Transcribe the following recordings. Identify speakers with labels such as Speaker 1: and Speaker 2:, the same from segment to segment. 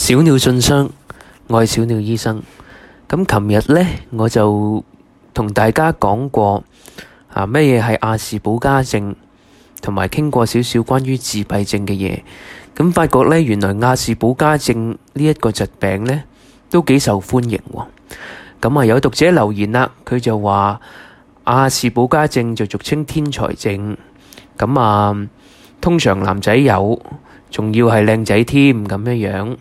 Speaker 1: 小鳥信箱，我係小鳥醫生。咁琴日呢，我就同大家講過啊，咩嘢係亞氏保加症，同埋傾過少少關於自閉症嘅嘢。咁發覺呢，原來亞氏保加症呢一個疾病呢，都幾受歡迎。咁啊，有讀者留言啦，佢就話亞氏保加症就俗稱天才症。咁啊，通常男仔有。仲要係靚仔添，咁樣樣，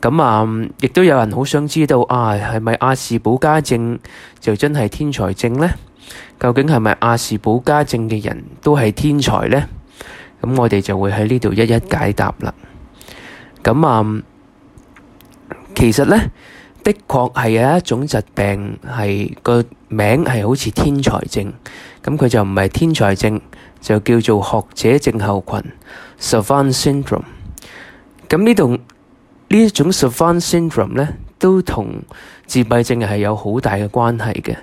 Speaker 1: 咁、嗯、啊，亦都有人好想知道啊，係咪亞氏保加症就真係天才症呢？究竟係咪亞氏保加症嘅人都係天才呢？咁、嗯、我哋就會喺呢度一一解答啦。咁、嗯、啊、嗯，其實呢。的確係有一種疾病，係個名係好似天才症，咁佢就唔係天才症，就叫做學者症候群 （savant syndrome）。咁呢度呢一種 savant syndrome 咧，都同自閉症係有好大嘅關係嘅，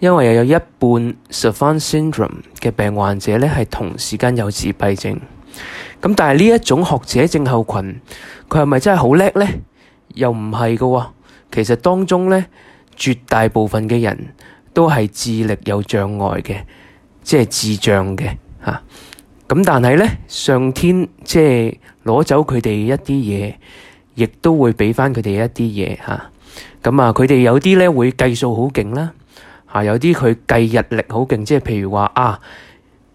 Speaker 1: 因為又有一半 savant syndrome 嘅病患者咧係同時間有自閉症。咁但係呢一種學者症候群，佢係咪真係好叻咧？又唔係噶喎。其實當中呢，絕大部分嘅人都係智力有障礙嘅，即係智障嘅嚇。咁、啊、但係呢，上天即係攞走佢哋一啲嘢，亦都會畀翻佢哋一啲嘢嚇。咁啊，佢哋有啲呢會計數好勁啦，嚇、啊、有啲佢計日曆好勁，即係譬如話啊，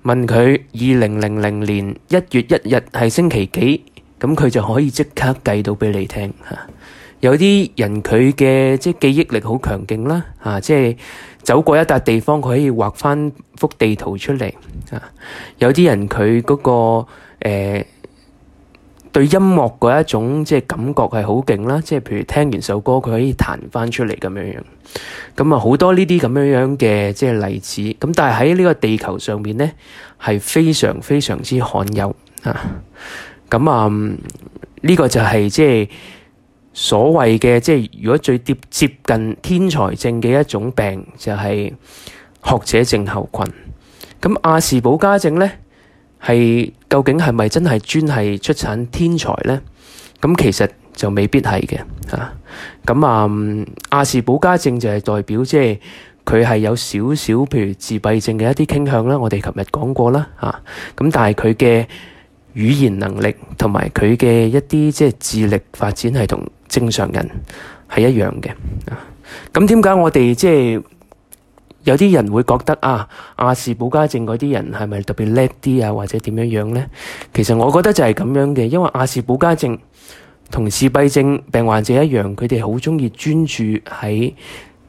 Speaker 1: 問佢二零零零年一月一日係星期幾？咁佢就可以即刻計到畀你聽嚇。啊有啲人佢嘅即係記憶力好強勁啦，啊，即係走過一笪地方，佢可以畫翻幅地圖出嚟。啊，有啲人佢嗰、那個誒、呃、對音樂嗰一種即係感覺係好勁啦，即係譬如聽完首歌，佢可以彈翻出嚟咁樣樣。咁、嗯、啊，好多呢啲咁樣樣嘅即係例子。咁但係喺呢個地球上邊咧，係非常非常之罕有啊。咁、嗯、啊，呢、這個就係、是、即係。所謂嘅即係如果最貼接近天才症嘅一種病就係、是、「學者症候群」。咁亞氏保加症呢，係究竟係咪真係專係出產天才呢？咁其實就未必係嘅嚇。咁啊亞氏、嗯、保加症就係代表即係佢係有少少譬如自閉症嘅一啲傾向啦。我哋琴日講過啦嚇。咁、啊、但係佢嘅語言能力同埋佢嘅一啲即係智力發展係同正常人係一樣嘅，咁點解我哋即係有啲人會覺得啊，亞氏保加症嗰啲人係咪特別叻啲啊，或者點樣樣呢？其實我覺得就係咁樣嘅，因為亞氏保加症同自閉症病患者一樣，佢哋好中意專注喺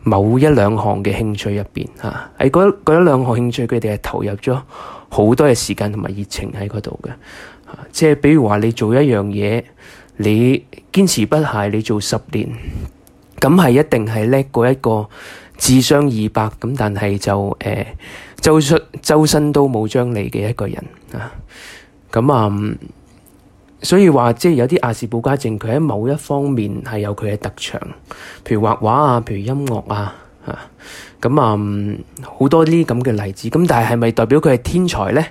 Speaker 1: 某一兩項嘅興趣入邊啊。喺嗰一兩項興趣，佢哋係投入咗好多嘅時間同埋熱情喺嗰度嘅。即係比如話你做一樣嘢。你堅持不懈，你做十年，咁係一定係叻過一個智商二百咁，但係就誒、呃、周出周身都冇張力嘅一個人啊。啊，嗯、所以話即係有啲亞氏保加症，佢喺某一方面係有佢嘅特長，譬如畫畫啊，譬如音樂啊，吓啊，好、嗯、多啲咁嘅例子。咁但係係咪代表佢係天才咧？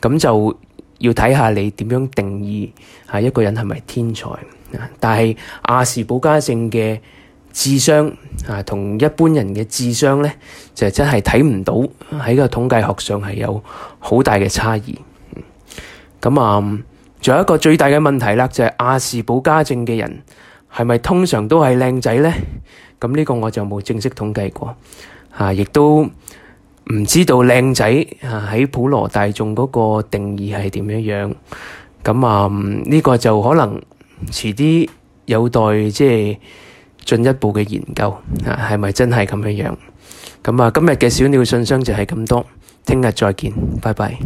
Speaker 1: 咁就。要睇下你點樣定義係一個人係咪天才，但係亞氏保加症嘅智商啊，同一般人嘅智商咧，就真係睇唔到喺個統計學上係有好大嘅差異。咁啊，仲、嗯、有一個最大嘅問題啦，就係、是、亞氏保加症嘅人係咪通常都係靚仔咧？咁呢個我就冇正式統計過啊，亦都。唔知道靚仔啊喺普羅大眾嗰個定義係點樣樣，咁啊呢個就可能遲啲有待即係進一步嘅研究嚇，係咪真係咁樣樣？咁啊今日嘅小鳥信箱就係咁多，聽日再見，拜拜。